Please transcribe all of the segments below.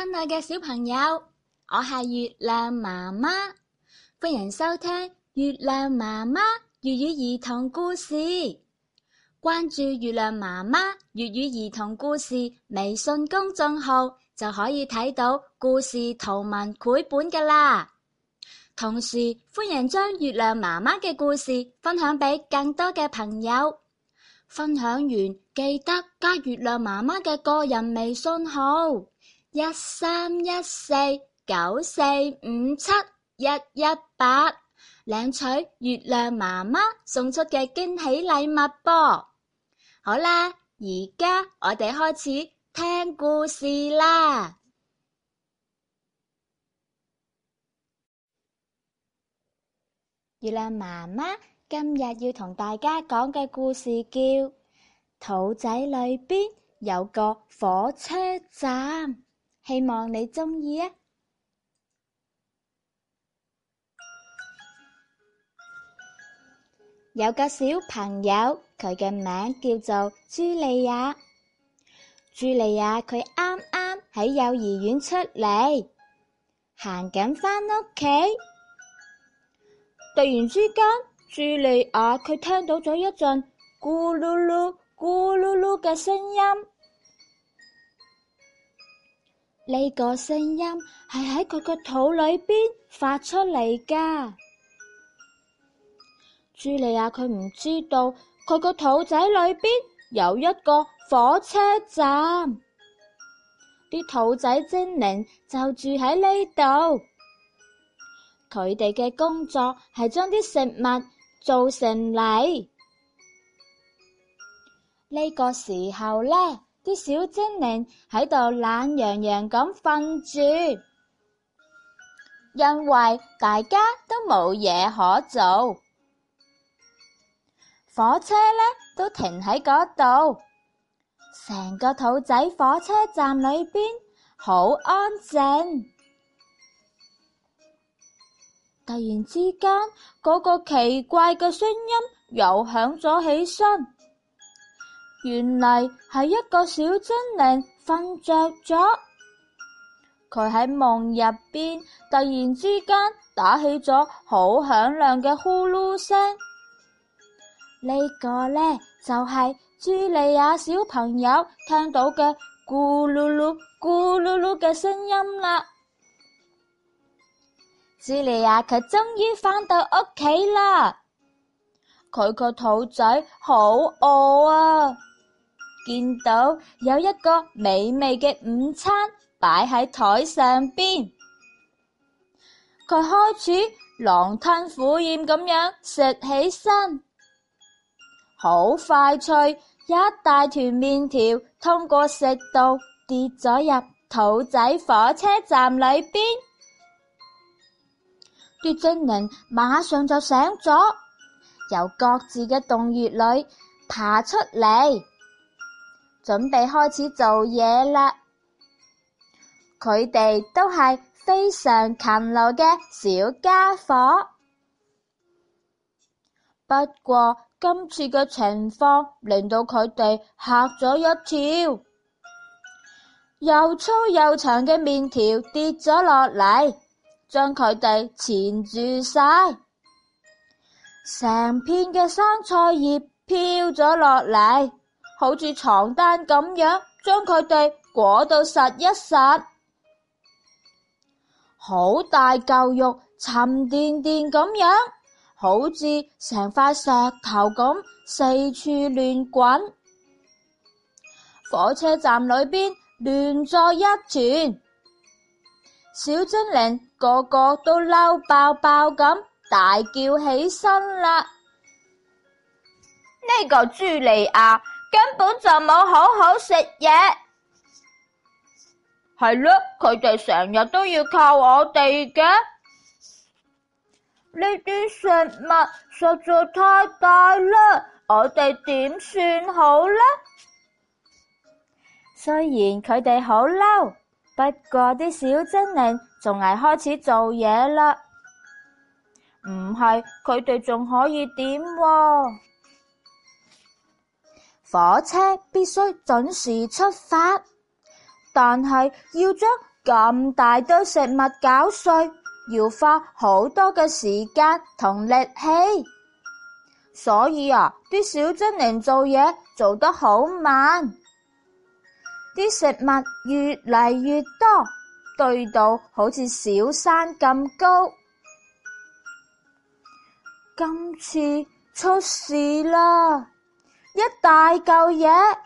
親愛嘅小朋友，我係月亮媽媽，歡迎收聽月亮媽媽粵語兒童故事。關注月亮媽媽粵語兒童故事微信公眾號，就可以睇到故事圖文繪本噶啦。同時，歡迎將月亮媽媽嘅故事分享俾更多嘅朋友。分享完，記得加月亮媽媽嘅個人微信號。一三一四九四五七一一八，領取月亮媽媽送出嘅驚喜禮物啵。好啦，而家我哋開始聽故事啦。月亮媽媽今日要同大家講嘅故事叫《肚仔裏邊有個火車站》。希望你鍾意啊！有個小朋友，佢嘅名叫做茱莉亞。茱莉亞佢啱啱喺幼兒園出嚟，行緊返屋企。突然之間，茱莉亞佢聽到咗一陣咕嚕嚕、咕嚕嚕嘅聲音。呢個聲音係喺佢個肚裏邊發出嚟㗎。朱莉亞佢唔知道佢個肚仔裏邊有一個火車站，啲肚仔精靈就住喺呢度。佢哋嘅工作係將啲食物做成泥。呢、這個時候呢。啲小精靈喺度懶洋洋咁瞓住，因為大家都冇嘢可做，火車呢都停喺嗰度，成個肚仔火車站裏邊好安靜。突然之間，嗰個奇怪嘅聲音又響咗起身。原嚟係一個小精靈瞓着咗，佢喺夢入邊突然之間打起咗好響亮嘅呼嚕聲，呢個呢，就係朱莉亞小朋友聽到嘅咕嚕嚕咕嚕嚕嘅聲音啦。朱莉亞佢終於翻到屋企啦，佢個肚仔好餓啊！見到有一個美味嘅午餐擺喺台上邊，佢開始狼吞虎咽咁樣食起身，好快脆一大團麵條通過食道跌咗入肚仔火車站裏邊，啲精靈馬上就醒咗，由各自嘅洞穴裏爬出嚟。準備開始做嘢啦！佢哋都係非常勤勞嘅小家伙，不過今次嘅情況令到佢哋吓咗一跳，又粗又長嘅麵條跌咗落嚟，將佢哋纏住晒，成片嘅生菜葉飄咗落嚟。好似床單咁樣，將佢哋裹到實一實，好大嚿肉沉甸甸咁樣，好似成塊石頭咁四處亂滾。火車站裏邊亂作一團，小精靈個個都嬲爆爆咁大叫起身啦。呢個朱莉亞。根本就冇好好食嘢。係咯，佢哋成日都要靠我哋嘅。呢啲食物實在太大啦，我哋點算好呢？雖然佢哋好嬲，不過啲小精靈仲係開始做嘢啦。唔係，佢哋仲可以點？火車必須準時出發，但係要將咁大堆食物攪碎，要花好多嘅時間同力氣，所以啊，啲小精靈做嘢做得好慢，啲食物越嚟越多，堆到好似小山咁高，今次出事啦！一大嚿嘢，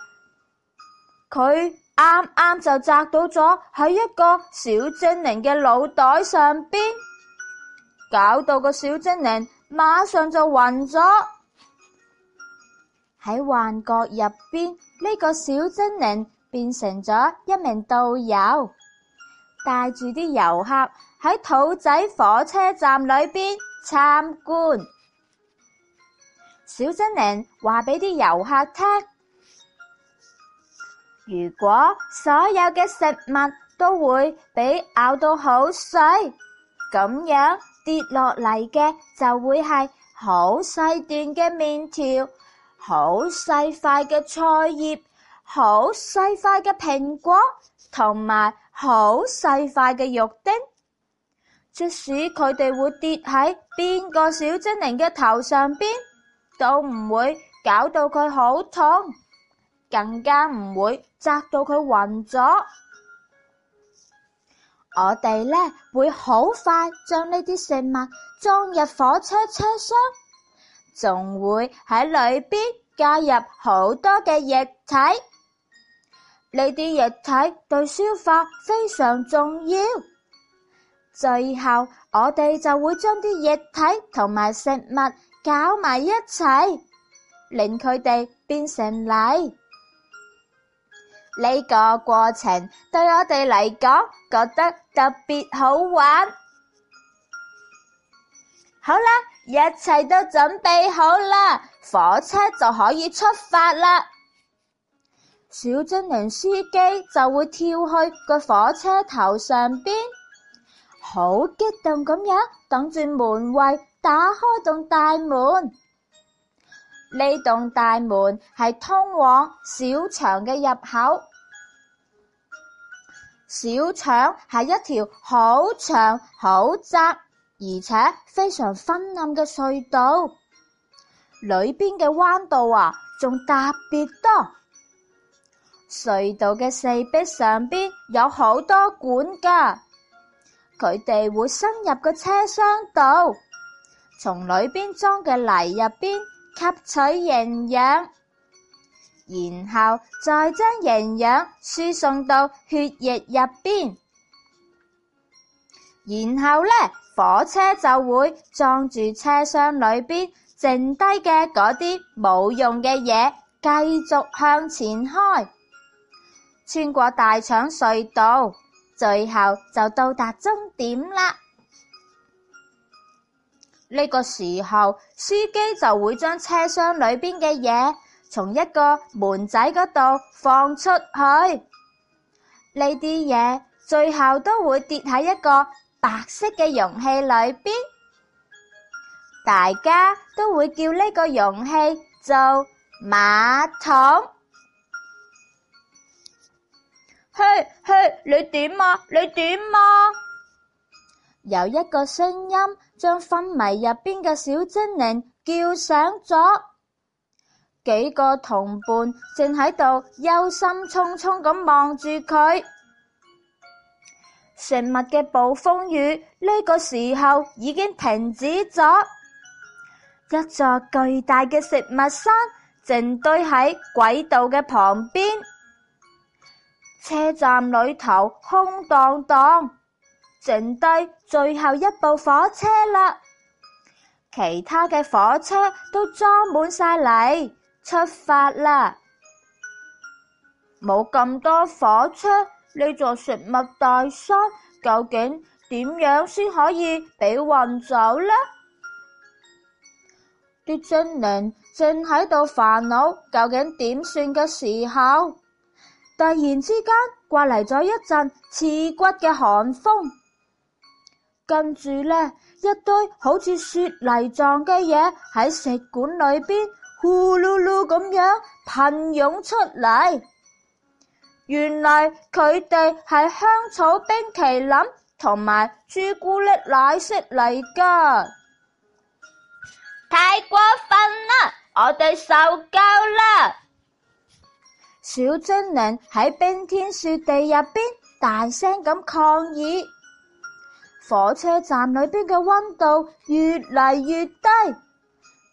佢啱啱就摘到咗喺一個小精靈嘅腦袋上邊，搞到個小精靈馬上就暈咗。喺幻覺入邊，呢、這個小精靈變成咗一名導遊，帶住啲遊客喺肚仔火車站裏邊參觀。小精靈，話俾啲遊客聽。如果，所有嘅食物都會俾咬到好細。咁樣，跌落嚟嘅，就會係，好細段嘅麵條，好細塊嘅菜葉，好細塊嘅蘋果，同埋，好細塊嘅肉丁。即使佢哋會跌喺邊個小精靈嘅頭上邊，都唔會搞到佢好痛，更加唔會扎到佢暈咗。 我哋咧會好快將呢啲食物裝入火車車廂，仲會喺裏邊加入好多嘅液體。呢啲液體對消化非常重要。最後我哋就會將啲液體同埋食物。搞埋一齊，令佢哋變成泥。呢個過程對我哋嚟講，覺得特別好玩。好啦，一切都準備好啦，火車就可以出發啦。小精靈司機就會跳去個火車頭上邊，好激動咁樣等住門衛。打開棟大門，呢棟大門係通往小腸嘅入口。小腸係一條好長、好窄，而且非常昏暗嘅隧道。裏邊嘅彎道啊，仲特別多。隧道嘅四壁上邊有好多管噶，佢哋會伸入個車廂度。從裏邊裝嘅泥入邊吸取營養，然後再將營養輸送到血液入邊。然後呢，火車就會裝住車廂裏邊剩低嘅嗰啲冇用嘅嘢，繼續向前開，穿過大腸隧道，最後就到達終點啦。呢個時候，司機就會將車廂裏邊嘅嘢從一個門仔嗰度放出去。呢啲嘢最後都會跌喺一個白色嘅容器裏邊，大家都會叫呢個容器做馬桶。去去，你點啊？你點啊？有一個聲音。將昏迷入邊嘅小精靈叫醒咗，幾個同伴正喺度憂心忡忡咁望住佢。食物嘅暴風雨呢個時候已經停止咗，一座巨大嘅食物山正堆喺軌道嘅旁邊，車站裏頭空蕩蕩。剩低最後一部火車啦，其他嘅火車都裝滿晒嚟，出發啦！冇咁多火車，呢座食物大山究竟點樣先可以俾運走呢？啲精靈正喺度煩惱究竟點算嘅時候，突然之間刮嚟咗一陣刺骨嘅寒風。跟住呢，一堆好似雪泥狀嘅嘢喺食管裏邊呼嚕嚕咁樣噴湧出嚟，原來佢哋係香草冰淇淋同埋朱古力奶昔嚟噶。太過分啦，我哋受夠啦！小精靈喺冰天雪地入邊大聲咁抗議。火車站裏邊嘅溫度越嚟越低，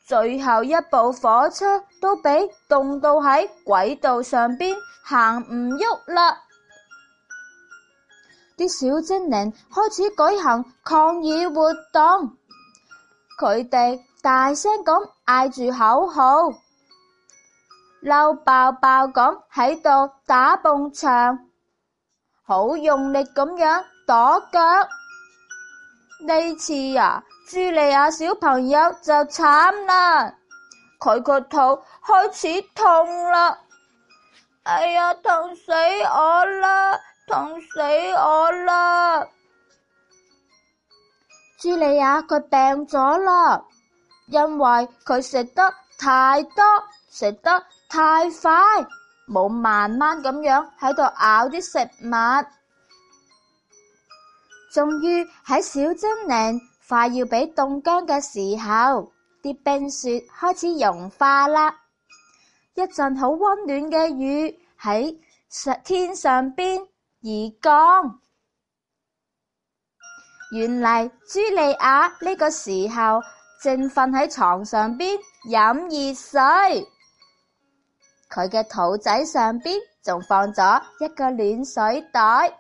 最後一部火車都俾凍到喺軌道上邊行唔喐啦。啲 小精靈開始舉行抗議活動，佢哋大聲咁嗌住口號，嬲爆爆咁喺度打蹦牆，好用力咁樣跺腳。呢次啊，茱莉亞小朋友就慘啦，佢個肚開始痛啦，哎呀，痛死我啦，痛死我啦！茱莉亞佢病咗啦，因為佢食得太多，食得太快，冇慢慢咁樣喺度咬啲食物。終於喺小精靈快要俾凍僵嘅時候，啲冰雪開始融化啦！一陣好溫暖嘅雨喺上天上邊而降。原嚟茱莉亞呢個時候正瞓喺床上邊飲熱水，佢嘅肚仔上邊仲放咗一個暖水袋。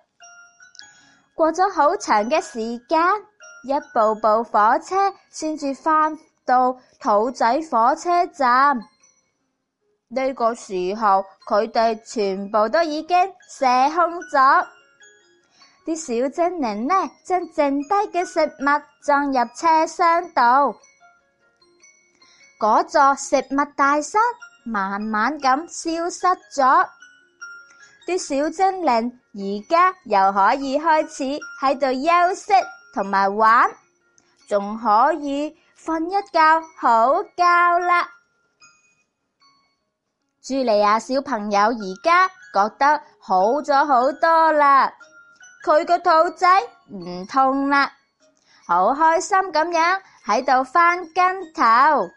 過咗好長嘅時間，一部部火車先至返到肚仔火車站。呢個時候，佢哋全部都已經射空咗。啲小精靈呢，將剩低嘅食物裝入車廂度。嗰座食物大山慢慢咁消失咗。啲小精靈。而家又可以開始喺度休息同埋玩，仲可以瞓一覺好覺啦。朱莉亞小朋友而家覺得好咗好多啦，佢個肚仔唔痛啦，好開心咁樣喺度翻跟頭。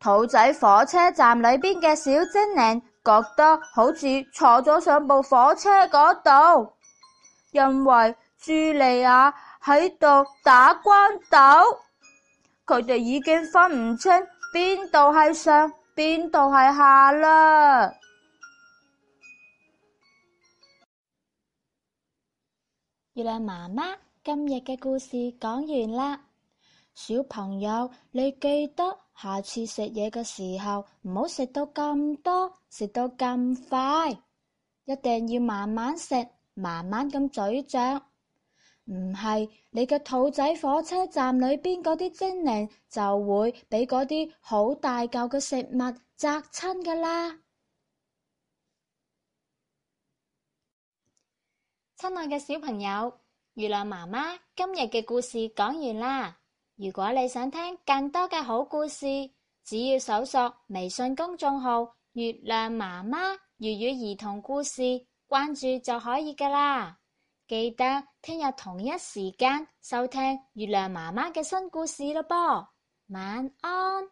肚仔火車站裏邊嘅小精靈。覺得好似坐咗上部火車嗰度，因為茱莉亞喺度打關斗，佢哋已經分唔清邊度係上邊度係下啦。月亮媽媽，今日嘅故事講完啦。小朋友，你記得下次食嘢嘅時候唔好食到咁多，食到咁快，一定要慢慢食，慢慢咁咀嚼。唔係你嘅肚仔火車站裏邊嗰啲精靈就會俾嗰啲好大嚿嘅食物砸親噶啦！親愛嘅小朋友，月亮媽媽今日嘅故事講完啦。如果你想聽更多嘅好故事，只要搜索微信公眾號月亮媽媽粵語兒童故事，關注就可以噶啦。記得聽日同一時間收聽月亮媽媽嘅新故事咯，噃。晚安。